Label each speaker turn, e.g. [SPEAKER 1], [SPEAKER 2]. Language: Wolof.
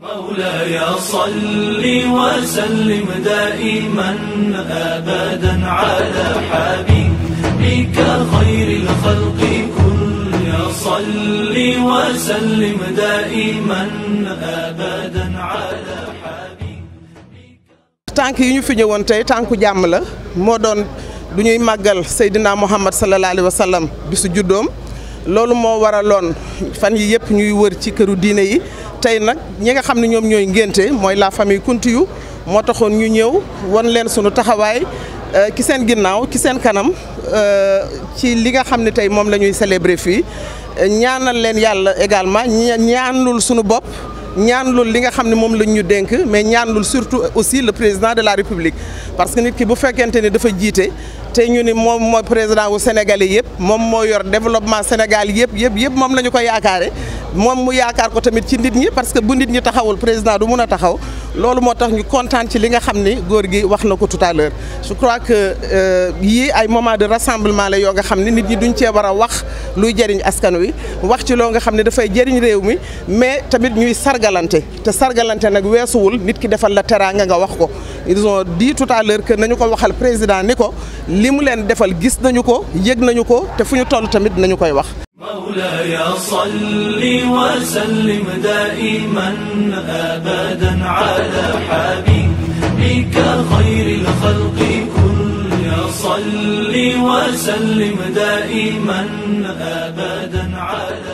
[SPEAKER 1] مولاي صل وسلم دائما ابدا على حبيبك خير الخلق يا صل وسلم دائما ابدا على
[SPEAKER 2] حبيبك tànk yi ñu fi ñëwoon tey tànku jàmm la moo doon du ñuy màggal Seydina Muhammad sallallahu alayhi wa sallam bisu juddoom loolu moo waraloon fan yi yëpp ñuy wër ci këru diine yi tey nag ñi nga xam ne ñoom ñooy ngénte mooy la famille Kountiyu moo taxoon ñu ñëw won leen sunu taxawaay euh, ci seen ginnaaw ci seen kanam euh, ci li nga xam ne tey moom la ñuy célébrer fii ñaanal leen yàlla également ñaanlul sunu bopp. ñaanlul li nga xam ne moom lañ ñu dénk mais ñaanlul surtout aussi le président de la république parce que nit ki bu fekkente ni dafa jiite te ñu ni moom mooy président wu sénégalais yëpp moom moo yor développement Sénégal yëpp yëpp yëpp moom la ñu ko yaakaare moom mu yaakaar ko tamit ci nit ñi parce que bu nit ñi taxawul président du mun a taxaw loolu moo tax ñu kontaan ci li nga xam ni góor gi wax na ko tout à l'heure je crois que euh, yii ay moment de rassemblement la yoo nga xam ni nit ñi duñ cee war a wax luy jariñ askan wi wax ci loo nga xam ne dafay jariñ réew mi mais tamit ñuy sargalante te sargalante nag weesuwul nit ki defal la teraanga nga wax ko ils ont dit tout à nañu ko waxal président ni ko li mu leen defal gis nañu ko yëg nañu ko te fu ñu toll tamit nañu koy wax
[SPEAKER 1] مولاي صل وسلم دائما أبدا على حبيبك خير الخلق كن يا صل وسلم دائما أبدا على